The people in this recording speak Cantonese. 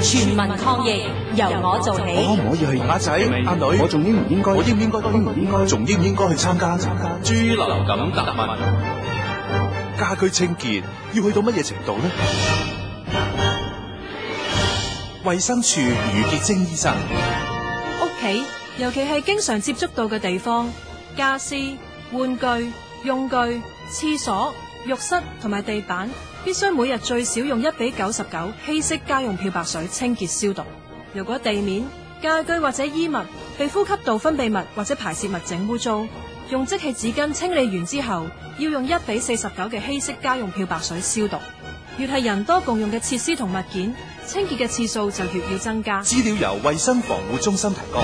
全民抗疫，由我做起。我可唔可以去阿仔、阿女？我仲應唔應該？我應唔應該？應唔應該？仲應唔應該去參加參加，豬流感答問。家居清潔要去到乜嘢程度呢？衛生署余潔晶醫生屋企，尤其係經常接觸到嘅地方，傢俬、玩具、用具、廁所。浴室同埋地板必須每日最少用一比九十九稀釋家用漂白水清潔消毒。如果地面、家居或者衣物被呼吸道分泌物或者排泄物整污糟，用即棄紙巾清理完之後，要用一比四十九嘅稀釋家用漂白水消毒。越係人多共用嘅設施同物件，清潔嘅次數就越要增加。資料由衛生防護中心提供。